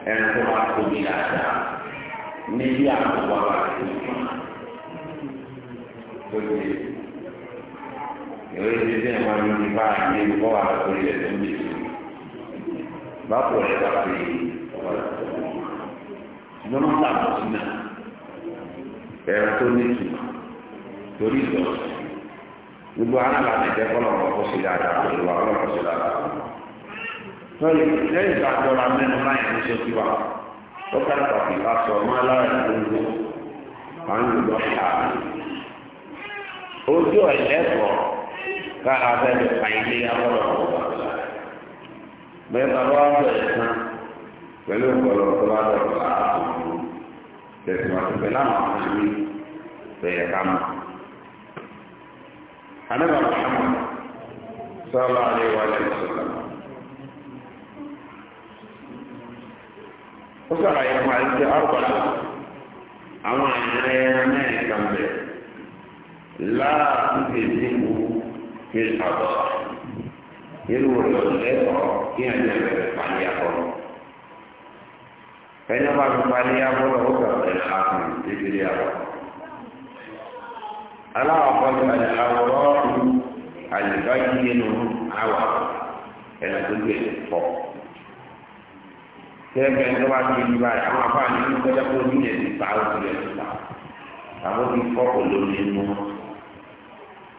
ẹran tó bá tóbi dáadáa níbi àkókò àbá tó yẹ lórí ìwé ti dé ẹ̀ma ní ní bá ní ibi kọ́ wà lóko ilẹ̀ tó ń bì sí báko rẹ̀ bá fi ọ̀pọ̀ lọ́wọ́ ṣùgbọ́n wọ́n tà bọ̀ sí náà ẹran tó ní ìtumọ̀ torí ìdọ̀tí gbogbo alábàtẹ̀jẹ́ kọ́lọ̀ ọ̀pọ̀ sí dáadáa pẹ̀lú àwọn ọ̀pọ̀ sí dáadáa lórí lẹ́yìn tó àjọra mẹ́nu láyé ní ṣe ti wà tó kára pàtì bá sọ ọmọ alára gbogbo à ń lọ ṣáà ojú ẹ̀lẹ́kọ̀ọ́ ká abẹ́rẹ́ àìlé abọ́lọ̀ ọ̀gbà bẹ́ẹ̀ bàbá wà bẹ̀rẹ̀ tán pẹ̀lú ọ̀pọ̀lọpọ̀ tó bá dọ̀rọ̀ láàbò tẹ̀síwájú pẹ̀lú àwọn àmì bẹ̀rẹ̀ ká mọ̀. ó sọ̀rọ̀ yẹn fún àti ọ̀pọ̀lá àwọn àìsàn ẹran mẹ́rin kan bẹ̀ láàbù tètè wù fi àbọ̀ irú rẹ̀ lẹ́tọ̀ọ́ kí ẹ̀ bẹ̀rẹ̀ pàdé àbọ̀rọ̀ ẹni ọba fi pàdé àbọ̀rọ̀ ó sọ̀rọ̀ ẹ̀ láàbù tètè àbọ̀ aláwọ̀ kọ́ni àwòrán àlùbáyé nínú àwà ẹ̀ lọ́dún gbé pọ̀ kẹ́ẹ̀kẹ́ ní wàá ti di báyìí àwọn afáàní ní kọjá kó ní ẹ̀ ti pa ó ti ẹ̀ ti pa àwọn ti fọ́pọ̀ lórí inú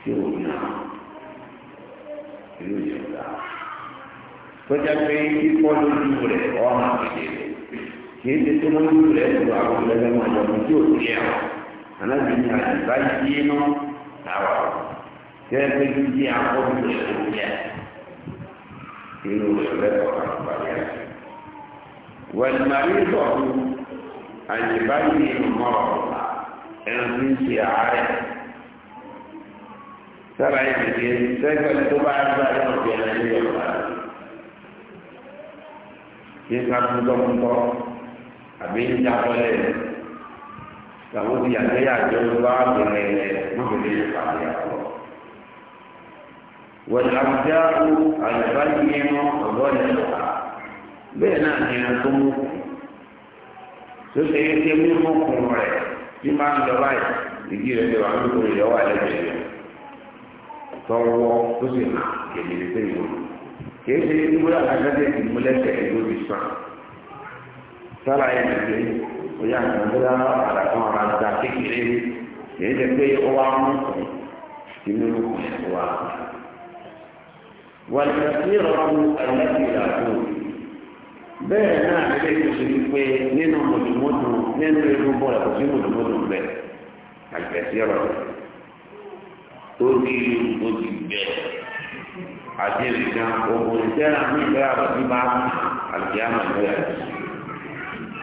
tí ò ní àwọn ìlú ìjọba kọjá pé kíkọ́ lójú rẹ̀ ọ̀nà ìdè kìí ṣe tó wọ́n lójú rẹ̀ lọ àwọn ìlẹ́gbẹ́ wọn lọ tí ò ní àwọn alábì ní àdìbá yìí inú àwọn kẹ́ẹ̀kẹ́ jíjí akọ́bí rẹ̀ ló ń yà inú rẹ̀ lẹ́kọ̀ọ́ والمريض أن يبين المرض ẹ̀rùn ti ààrẹ sábà yìí ti sẹ́gbẹ̀ẹ́ tó bá gbà yóò fi ẹ̀rọ ilé ọ̀la kí n ká mútọ́mútọ́ àbí ń jábọ́lẹ̀ làwọn ti yàgbé àjọ bá bẹ̀rẹ̀ mọ́bìlì ìpàdé àpọ̀. wọ́n ti àwùjá àlùbáyé mọ́ ọ̀gọ́ ìlú àpọ̀. bẹ́ẹ̀ náà ni ẹran tó mú tó ṣe é ṣe mímú kùn rẹ̀ tí máa ń lọ báyìí ìdí rẹ̀ lè wà lóko ìyọ̀wà lẹ́gbẹ̀ẹ́ rẹ̀ tọwọ́ tó sì nà kèmìlì tó ìwò kìí ṣe ìwúrà àgbẹ̀dẹ̀ sàn sára yẹn ti gbé ara da kékeré ṣe pé ó wá mú tí wá. rọrùn bẹ́ẹ̀ náà lè lè ṣe ní pé nínú mọ̀tòmọ́tò nínú egungun ẹ̀kọ́ sí mọ̀tòmọ́tò bẹ̀ àgbẹ̀sí ọ̀rọ̀ tó ní ìlú ti bẹ̀ àti ìrìnà ogun ìṣẹ́ra ní ìgbéra àti bá àlùkìyàmà ìgbéra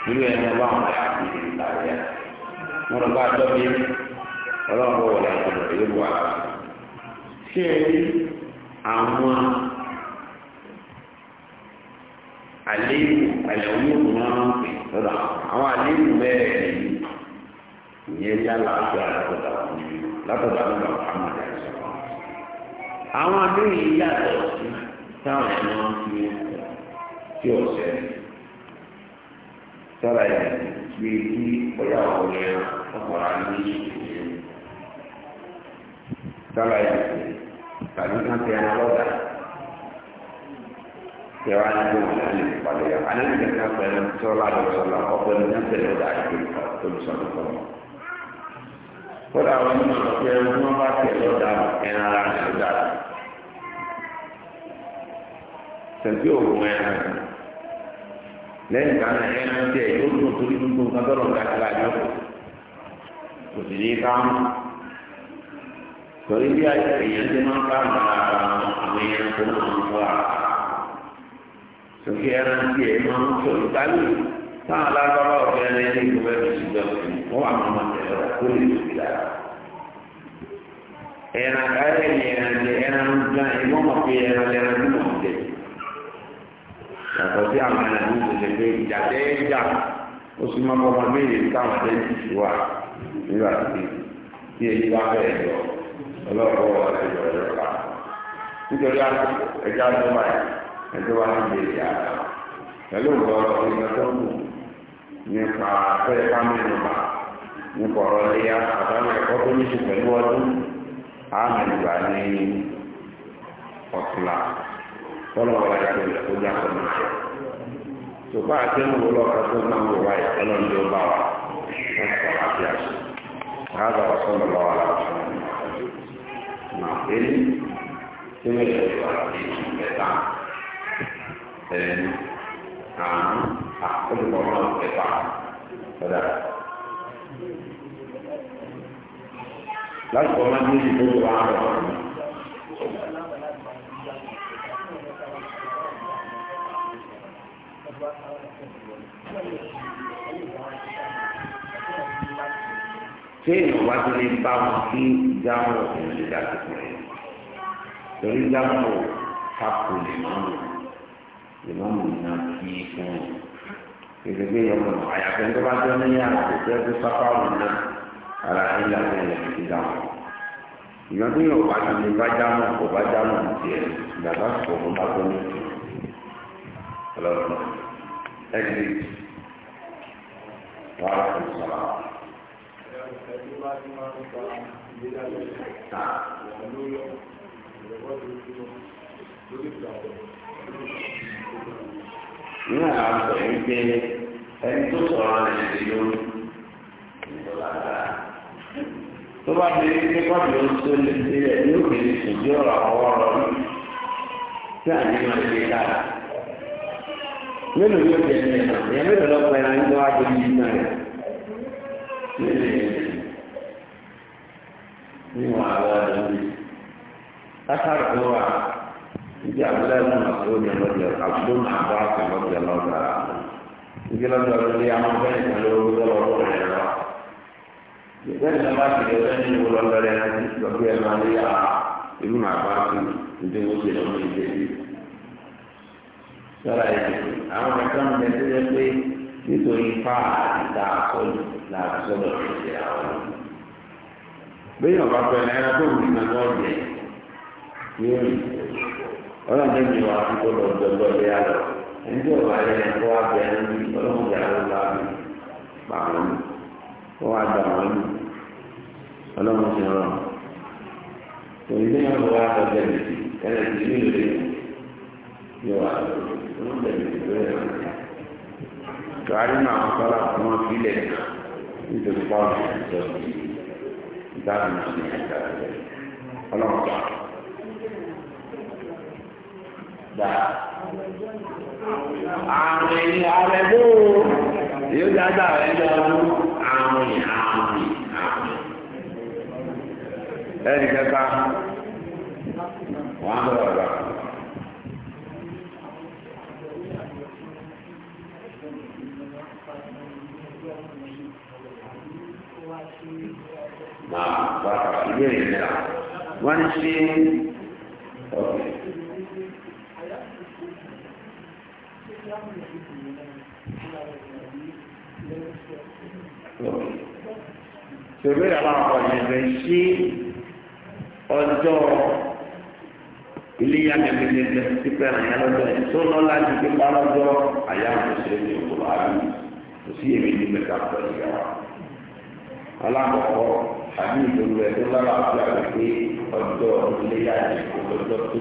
irú ẹni ọba àwọn ọ̀rẹ́ àti ìrìnà rẹ̀ wọ́n lọ bá a dọ́bí ọlọ́run wọlé àgbọ̀dọ̀ yóò wà ṣé àwọn àléébù àyẹ̀wò ní máa ń pè lọ́dọ̀ àwọn àléébù bẹ́ẹ̀ nìyí ìyẹn jẹ́ àlàáfíà látọ̀dà látọ̀dà lọ́dọ̀ Muhammad àìsàn. àwọn abéyìn yàtọ̀ sí táwọn ẹ̀ máa ń fi tí ọ̀sẹ̀ sára ẹ̀ gbé kí ọ̀yà ọ̀rẹ́ ọkùnrin ní ìṣẹ̀lẹ̀ sára ẹ̀ tàbí kan tẹ ẹ̀ lọ́dà. Sewa ni pun ada ni pada yang ada ni kena pada solat dan solat apa ni yang tidak ada itu tulis satu kalau. Pada awal ni kalau dia semua baca solat enaran solat. Sentuh hubungan. Lain kerana enaran dia itu untuk tulis untuk kata orang dah kelaju. Jadi kamu Jadi dia yang jangan kamu, kamu yang pun orang òkè ẹran tí ẹ máa ń tó ìtàlù táwọn alágbára ọ̀fẹ́ ẹni ní ìgbọ́fẹ́ mi ṣùgbọ́n wọ́n wà máa tẹ̀lé ọ̀rọ̀ kó lè lò dára. ẹran káyọ̀ ní ẹran jẹ ẹran gan ẹ mọ́ mọ̀ pé ẹran lẹ́ran ní mọ̀ jẹ. yàtọ̀ sí àwọn ẹran ní ìṣẹ̀lẹ̀ pé ìjà tẹ́ ẹ ó sì máa bọ́ ọmọ méje táwọn ẹ̀jẹ̀ ti fi wà nígbà tí tí èyí bá bẹ̀rẹ̀ lọ ọlọ́ọ̀bọ̀ ẹjọ́ wa ní ìyẹ̀dì àgbà pẹ̀lú ìgbọ́rọ̀ ìgbàdọ́gbù nípa bá nípa ọ̀rọ̀ àtàwọn ẹ̀kọ́ tó ní ṣe pẹ̀lú ọdún ní láti ṣe. àti ẹnu náà wò wáyé bá àti àṣẹ. Káàdà lọ́wọ́ Nà tí wọ́n yẹ kí wọ́n ti ṣe ẹ̀ẹ́nì àrùn olùkọ́ náà ẹ̀fà ọ̀dà. láti kọ́ ní ìlú tó wà lọ. ṣé ìwà tó lè bá wọn sí ìdáhùn ìdàgbàsókè torí ìdáhùn kàkùn lè máa lò ìmọ̀mù náà kí fún un gbèsègbè yẹn mọ̀ àyàfẹ́ tó bá jọ níyà àtẹ̀tẹ̀ tó sáfàwù náà ara ìlà rẹ̀ ti dà wọ́n ìyọ́n tó yàn wá ti lè bá jámọ̀ kò bá jámọ̀ tiẹ̀ ìgbàgbà sọ̀ kó bá tó ní ìtù ọlọ́run ẹgbẹ́ wàhálà tó sọ̀rọ̀ àwọn. nínú àwọn nke yìí ẹni tó sọ̀rọ̀ rẹ̀ ti lórí ìdọ̀lára tó bá ti rí pé kọ́ọ̀tù ń tó lé sílẹ̀ ní ọ̀rọ̀ tí àmì máa mélòó yóò ẹ̀ náà ìyẹn mélòó lọ́pọ̀ ẹ̀ náà ń gbọ́ àjọ yìí náà rẹ̀ في عبد الله بن مسعود رضي الله عنه بن عباس رضي الله تعالى عنه يقول لك رضي الله عنه بن مسعود رضي الله عنه يقول لك ما في جزاني يقول الله لنا رضي الله عنه ابن عباس يقول لك لهم الجديد ترى يقول أنا كم جزاني nítorí fáà ìta àkọlù láti sọ́dọ̀ ìṣe àwọn ọmọ. Béèyàn bá pẹ̀lú ẹran tó wù ní ọjọ́ ọ̀jẹ̀ yóò rìn. ọlọ́run tó ń jẹ wọn àdúgbò lọ gbọgbọ ilé àlọ ẹni tí ọba rẹ kó abẹ ẹni ọlọ́run jà bá mi pa wọn ni kó wá gbà wọn ni ọlọ́run ti rọrùn tòun ní ọ̀rọ̀ wa lọ bẹ̀rẹ̀ sí kẹlẹ̀ sí ní ìlú rẹ̀ yóò wá lọ bẹ̀rẹ̀ sí lórí ẹ̀ tòwárí náà wọn kọ́ la fún wọn sílẹ̀ nítorí pọ́ọ̀lù ìjọba ìdáhùn ìṣẹ̀lẹ̀ ìdáhùn ọlọ́run tó àtọ́ gbà àrùn ẹ̀yìn ààrẹ bó yóò dáadáa rẹ̀ ní ọdún àrùn àrùn àrùn ẹnì kẹta wọn bọ̀ ọ̀gá. Nah, bakal ini ya. Wansi, oke. Okay. ṣòro ìyàwó ọ̀yẹ̀dẹ̀ sí ọjọ́ iléyà mẹ́tẹ́tẹ́ tí pẹ́ẹ́rẹ́ yẹn lọ́jọ́ yẹn tó lọ́ láti fi parọ́jọ́ àyà òṣèlú ní òkúrò àárín kò sí èmi ní mẹ́ta pọ̀ ìyàwó. alákọ̀ọ́kọ́ àbí ìdòwú ẹ̀ tó lára àti àgbẹ̀ pé ọjọ́ iléyà yẹn kò lọ́jọ́ tó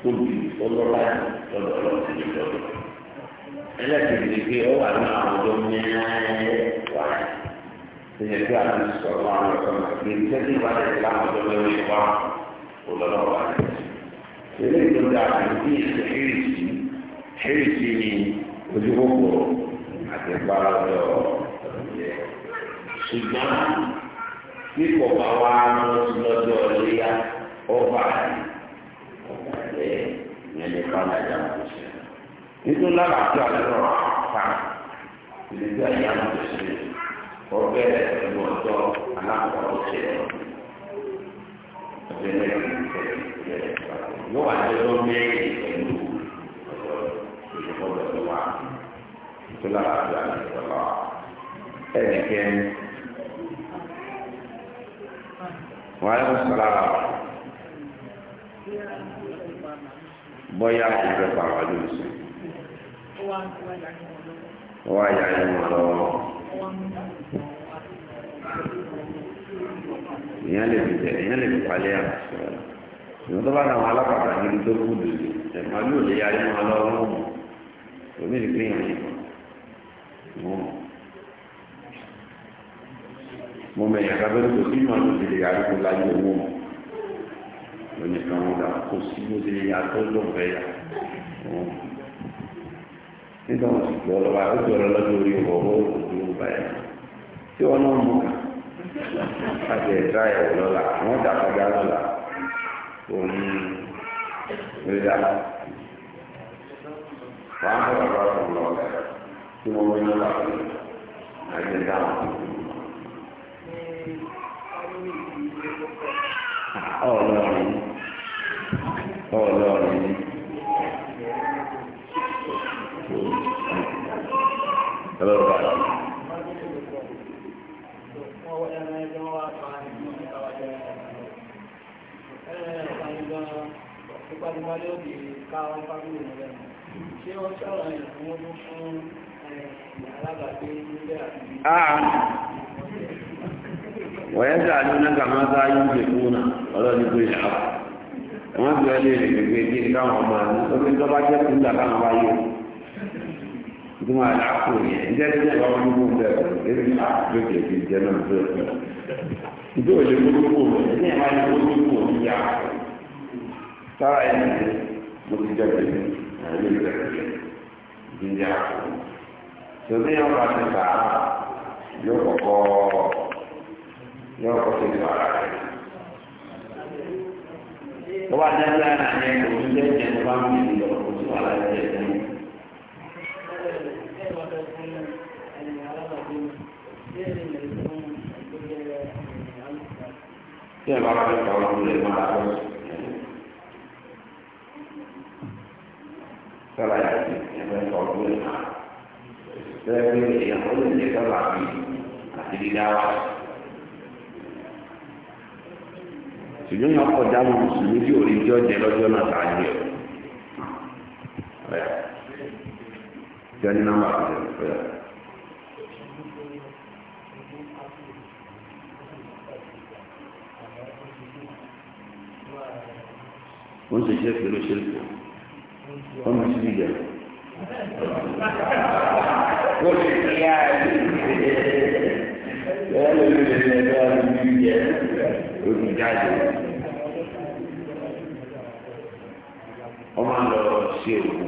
tóbi ọlọ́lá lọ́dọ̀ lọ́dọ̀ lọ́dọ̀ ẹlẹ́sìn ìdíje ọ wà ní àwọn ọjọ́ mẹ́rin wáyé ìyẹn bí àwọn ìṣòro àwọn ọ̀sán ní iṣẹ́ tí wọ́n ti láwọn ọjọ́ lórí ìwà olólọ́wọ́ rẹ̀. ilé ìjọba àti bí ìṣe hírìsì hírìsì ni ojúkòkò àti ìpara ọjọ́ ìyẹn. ṣùgbọ́n bí kò bá wá lọ sí lọ́jọ́ ìléyà ọba ọba ẹ̀ ìyẹn ní kọ́nà ìjà mọ̀ sí. nítorí lára àti àlọ́ ọ̀rọ̀ àpá ìlú ìjà ìyá mọ̀ sí ọbẹ̀ ẹ̀rọ ọjọ́ alákọ̀ọ́ ṣe ọbẹ̀ lẹ́yìn ìṣẹ̀lẹ̀ yóò wá jẹ́ lọ mẹ́rin pẹ̀lú ìṣèkọ́bẹ̀ tó wà tó lára àti àlejò ẹ̀rì kẹ́ni. wọ́n á yẹ kó sọ̀rọ̀ ara wa bọ́yá ìrẹ́pàá wà lóṣù wọ́n á yà ẹ̀ mọ̀ lọ́wọ́. lè fi tẹ̀ èèyàn lè fi palẹ́ àṣọ ìwọ́n tó bá náà wọn alápàtà níbi tó kú dòdò ẹ̀ màálù lè yà ẹ̀ mọ̀ lọ́wọ́ wọn mọ̀ òmí ni pé yàn yìí wọn mọ̀. mo mẹ̀yìn àgbàbẹ́rẹ́ kò sí màálù lè yà ẹ̀ mọ̀ láyé owó mọ̀ lónìí kan wọn dà kò sí mo ti yà tó lóun fẹ́ yà nígbà wọn sì jọ lọ́wọ́ àwọn jọ̀rọ̀ lọ́jọ́ orí wọ̀ wọ́n kò tó ń bá yẹn tí wọn náà mú àti ẹ̀dá ẹ̀wọ̀ lọ́la àwọn ìjà kọjá lọ́la òun ló dá wọn á bọ̀ bá wọn lọ tí wọn wọ́n yọ lọ́la àti ẹ̀dá wọn. ọlọ́run ọlọ́run. ọlọ́run bá ti. Aa wọ́n yá àdúrà náà kà máa sáyé ń pè fún náà ọlọ́run pé ìyá wọ́n bí wọ́n lè pé kí káwọn ọmọ àdúgbò tó bá jẹ́ kúndà káwọn wáyé ìdúmọ̀ àlàáfò yẹn ìjẹ́ tí wọ́n bá wọ́n mú bẹ́ẹ̀ lórí àgbègbè ti jẹ́ náà tó ẹ̀ ìjọ òde gbogbo rẹ̀ ní ẹ̀ máa gbogbo kò ní yá sára ẹ̀ ní mo ti jẹ́ pẹ̀lú ẹ̀rí rẹ̀ ní yá tòmí ọ̀pọ̀ àti sàá yóò kọ̀kọ́ yóò kọ́kọ́ ti sàá rẹ̀ tó jẹ́ pé àná ní jẹ́ ní bá ń bí tí ẹ bá bá fẹ́ kà ọdún rẹ̀ máa lọ sọ́la yà sí ẹ bá kà ọdún rẹ̀ máa lọ́wọ́ pé èèyàn ó lè jẹ́ sọ́la bí àti dídá wa. ṣùgbọ́n yàn kọjá mọ́ mùsùlùmí tí ò rí jọ́ jẹ lọ́jọ́ náà sáájú ẹ̀. Jẹ́ ní nọ́mbà kan lẹ́nu pẹ̀lú. wọ́n ṣe jẹ́ pẹ̀lú ṣẹ́lẹ̀ wọ́n mọ̀ sí wọ́n ṣe kíá ẹ̀ ẹ́ lórí ilẹ̀ ẹ̀dọ́ àti ìjà òkú jáde wọ́n máa lọ sí òkú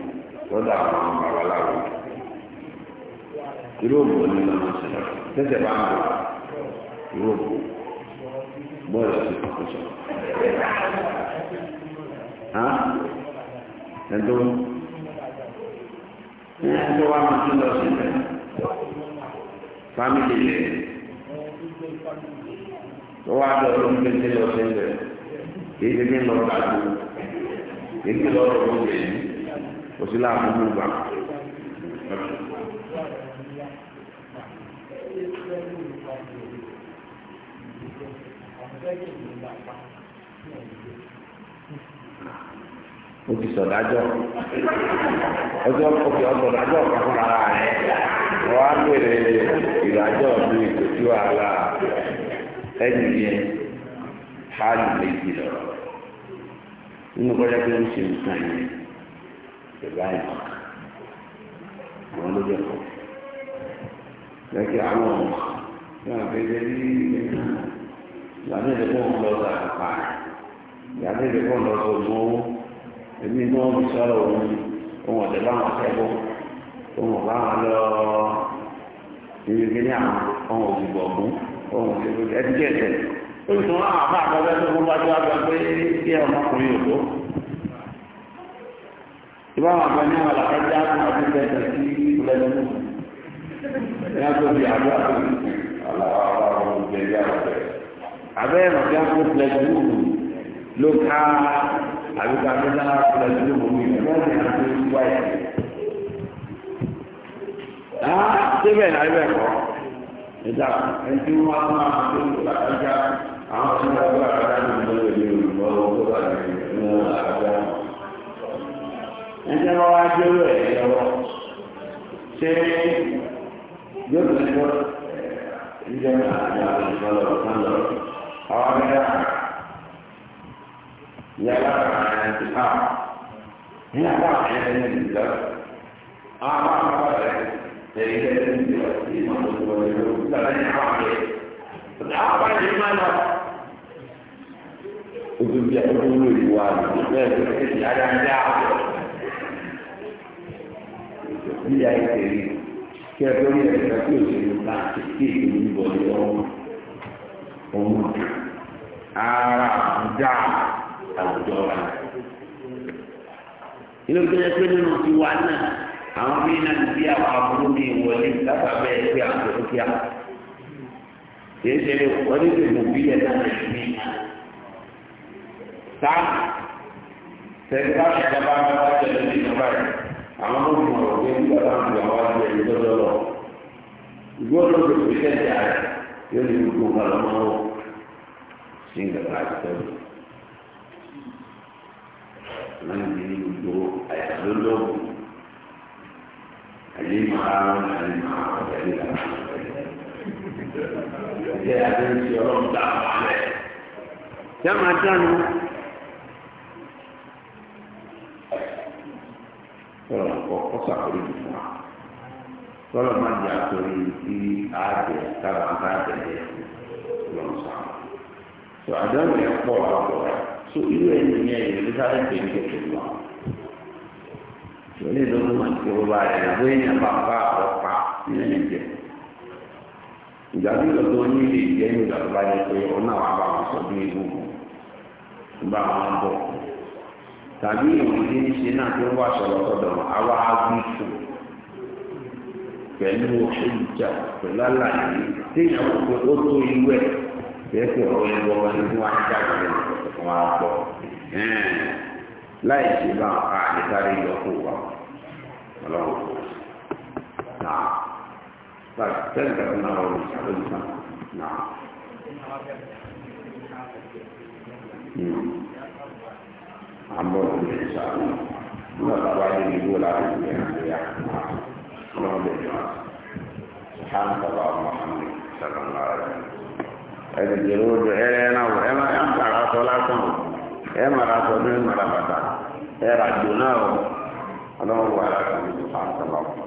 lọ́dọ̀ àwọn babaláwo irú òkú ni wọ́n ṣe tẹ́tẹ̀ bá ń bọ̀ irú òkú bọ́ọ̀lù ọ̀sẹ̀ kọ̀ọ̀kan sọ̀rọ̀. ẹ̀dọ́ ìyẹn tó wá máa tún lọ sílẹ̀ fámìlì rẹ̀ tó wá lọ lóun pé ṣe lọ sílẹ̀ kì í ṣe kí n lọ gbàgbó kì í ṣe lọ rọ̀ oúnjẹ yìí kò sí láàbù mú gbà. Thank you. ó ti sọ̀dájọ́ ọjọ́ òkè ọ̀sọ̀dájọ́ fún ara rẹ̀ wọ́n á bèrè ìdájọ́ mi kò sí wàhálà ẹ̀yìn yẹn hálì méjì lọ nínú kọjá pé ó ṣe nǹkan yẹn ìgbà ìmọ̀ àwọn ló jẹ́ kọ́ àwọn ọmọ náà ìgbà náà ìgbà náà ìgbà náà ìgbà náà ìgbà náà èmi ní wọ́n fi sọ́rọ̀ òun òun ọ̀dẹ̀ báwọn akẹ́kọ̀ọ́ òun báwọn lọ ìrìn kí àwọn ohun òṣìbọ̀ ọ̀gbún ohun òṣìbọ̀ ẹ̀dígẹ̀ ẹ̀dẹ̀ ó sì wọ́n àwọn àbá àgbẹ̀ tó fún wájú àgbà pé kí ẹ ọmọkùnrin ò tó ìbáwọn àgbà ní àwọn àlàkájá àwọn àti tẹ̀sẹ̀ sí ìlẹ́nu ní àbíkà tó kula shi da mu ne ya ne a cikin waya ah sai bai na bai ko ita an ji ma ma cikin da aka an san da ba ka da mu da ne ba ko ba ne na aka an ji ma wa ji ne ya ba sai yau da shi ba idan ana da Allah Allah awamnya ialah al-intifah ní apá àyẹ̀fẹ́ ní ìlú ìlú apá apá rẹ̀ lẹ́yìn lẹ́yìn ní ìlú ìlú ìmọ̀ tó tó wọlé lọ nígbà lẹ́yìn apá rẹ̀ apá rẹ̀ máa lọ. Ojú bíi ọdún ló lè wá àgbẹ̀ bẹ́ẹ̀ tó ti ti ara ń dá àbọ̀. Bí a yẹ kí ẹ tó ní ẹ̀ka tí òṣèlú náà ti kí èdè ń ní ọmọ. Ọmọ ara àbúdá àwùjọ rẹ̀ ilé tó yẹ pé nínú tiwa náà àwọn bí náà ti bí àwọn aburú mi wọlé dábàá bẹ́ẹ̀ pé àwọn tó kíá kìí ṣe lè wọ́n ní ìlú bí ẹ̀ náà lè fi ta tẹ̀síwá ìjọba bá tẹ̀lé ní ìjọba yìí àwọn ọmọ ìmọ̀ ọ̀rọ̀ pé nígbà bá ń lu àwọn àti ẹ̀yìn lọ́dọ̀ lọ ìgbó ló ti pèsè ìjà rẹ̀ yóò ní gbogbo nǹkan lọ́mọ́ sí ìgbà láti tẹ̀lé wọn ní ní gbogbo àyàló lọ́wọ́ àyè máa ń àyè máa ń àyè máa ń ṣe àdéhùn ọlọ́run dá wà lẹ̀. ṣé a máa dánu? sọ̀rọ̀ nǹkan kọ́ sàkórí jù fún wa sọ̀rọ̀ máa jẹ́ àtòrí tí àjẹ tábà ń bá àjẹ yẹ lọ́nà sàmù. sọ àdéhùn yẹn pọ̀ lọ́pọ̀ tó irú ẹni yẹn elizabeth nke nke pẹ̀lú wa lórí ìdókòwò máa ń tó bá rẹ̀ lọ́wọ́ èèyàn bá bá ọ̀pá nínú ìjẹ́ ìgbà tí ilé ní bá yẹ pé wà bá wọn sọ bí ewu bá wọn bọ̀ tàbí ìwọ̀n ṣe náà tó ń sọ̀rọ̀ sọ̀dọ̀ àwa pẹ̀lú pẹ̀lú tó ọ̀rọ̀ wọn á pọ̀ láì ṣe bá a lè sáré yọ kó wa ọlọ́run kò náà báyìí tẹ́lẹ̀ tẹ́lẹ̀ náà wọ́n ṣàlóyún sàn náà. àmọ́ òun ṣe ṣàlóyún nígbà tó wáyé ní ìwé láti ìwé àgbéyà ọlọ́run lè jọ àti. سبحانك اللهم وبحمدك اشهد ان لا اله الا انت ẹni jẹrọ ojú ẹ ẹ náà wọ ẹ má ẹ má ra aṣọ lásán o ẹ má ra aṣọ bàtà ẹ ra o ọlọ́run wà lásán ní ìfọ̀sọ̀lọ́wọ́.